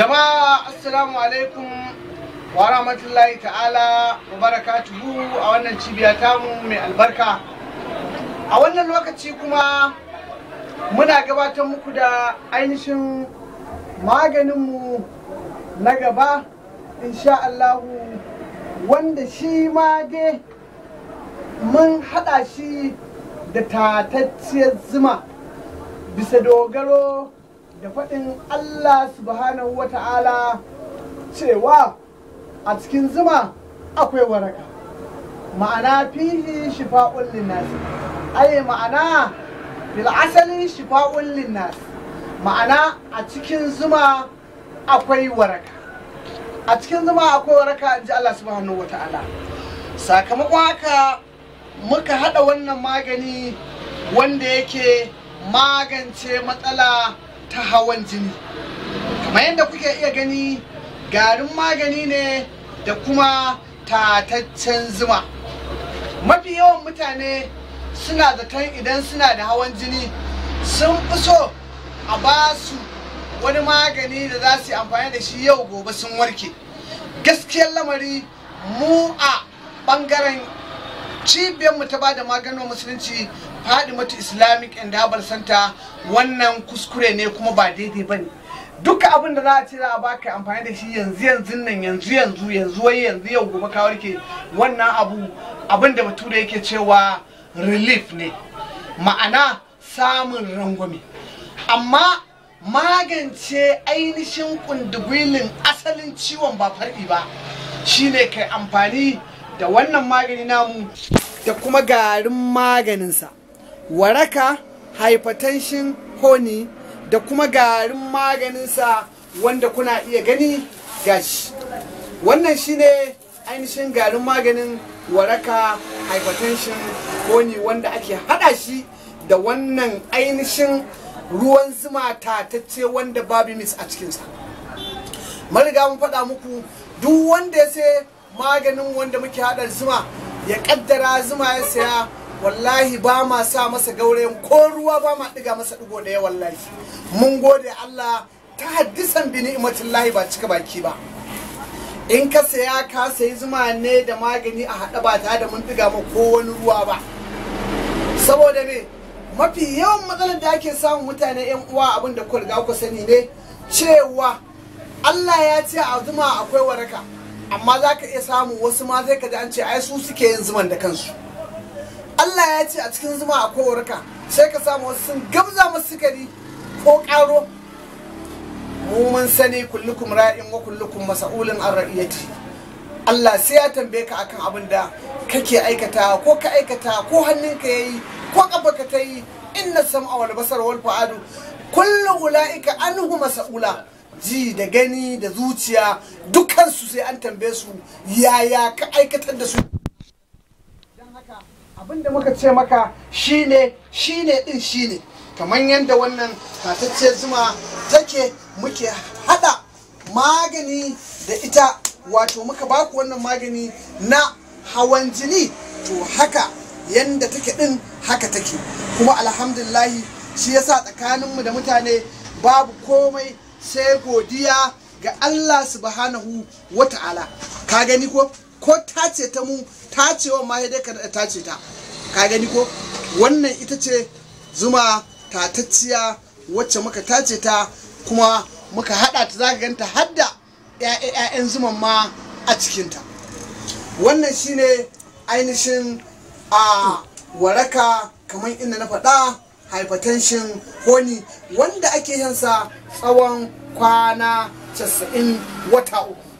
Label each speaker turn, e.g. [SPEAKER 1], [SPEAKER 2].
[SPEAKER 1] jama'a assalamu alaikum wa rahmatullahi ta'ala wa barakatuhu a wannan cibiya mu mai albarka a wannan lokaci kuma muna gabatar muku da ainihin maganinmu na gaba insha Allahu wanda shi ma dai mun haɗa shi da tatacciyar zuma bisa dogaro da faɗin Allah subhanahu wa ta'ala cewa a cikin zuma akwai waraka ma'ana fihi shifa'un linnas ai ma'ana fil asali shifa'un linnas ma'ana a cikin zuma akwai waraka a cikin zuma akwai waraka in ji Allah subhanahu wa ta'ala sakamakon haka muka haɗa wannan magani wanda yake magance matsala ta hawan jini kamar yadda kuke iya gani garin magani ne da kuma tataccen zuma mafi yawan mutane suna zaton idan suna da hawan jini sun fi so a ba su wani magani da za su yi amfani da shi yau gobe sun warke gaskiyar lamari mu a ɓangaren Cibiyar mu ta bada maganin musulunci faɗi mata islamic and center wannan kuskure ne kuma ba daidai ba ne duka abin da za a ce za a baka amfani da shi yanzu yanzu nan yanzu yanzu yanzu wai yanzu yau gobe ka warke wannan abu abin da bature yake cewa relief ne ma'ana samun rangwame amma magance ainihin kundigwilin asalin ciwon ba farɗi ba shine kai amfani da wannan magani namu da kuma garin maganinsa waraka hypertension honey da kuma garin maganinsa wanda kuna iya gani gashi wannan shine ainihin garin maganin waraka hypertension honey wanda ake hada shi da wannan ainihin ruwan zuma tatacce wanda babu mis a cikinsa mariga mun faɗa muku duk wanda ya sai maganin wanda muke hada zuma ya kaddara zuma ya saya wallahi ba ma sa masa gaurayen ko ruwa ba ma diga masa ɗigo da wallahi mun gode Allah ta haddisan bi ni'imatin lahi ba cika baki ba in ka saya ka sayi zuma ne da magani a haɗa ba tare da mun diga ma ko wani ruwa ba saboda me mafi yawan matsalar da ake samun mutane yan uwa abin da ku riga ku sani ne cewa Allah ya ce a zuma akwai waraka amma za ka iya samu wasu ma zai kaji an ce ai su suke yin zuman da kansu Allah ya ce a cikin zuma a kowarka sai ka samu wasu sun gabza masu sukari ko karo mu mun sani kullukum ra'in wa kullukum mas'ulun an ra'iyati Allah sai ya tambaye ka akan abin da kake aikata ko ka aikata ko hannunka yayi ko kafarka ta yi inna sam'a wal basar wal fu'adu kullu ulaika anhu mas'ula ji da gani da zuciya dukansu sai an tambaye su yaya ka aikatar da su don haka abinda muka ce maka shine shine din shine kamar yadda wannan tatacce zuma take muke hada magani da ita wato muka baku wannan magani na hawan jini to haka yadda take din haka take kuma alhamdulillahi shi yasa tsakaninmu da mutane babu komai sai godiya ga Allah subhanahu wa ta'ala ka gani ko ko tace ta mu tacewa ma dai ka tace ta ka gani ko wannan ita ce zuma tatacciya wacce muka tace ta kuma muka hada ta zaka ganta hadda ƴaƴan zuman ma a cikinta wannan shine ainihin a waraka kamar inda na faɗa hypertension honi wanda ake yin sa tsawon kwana 90 wata uku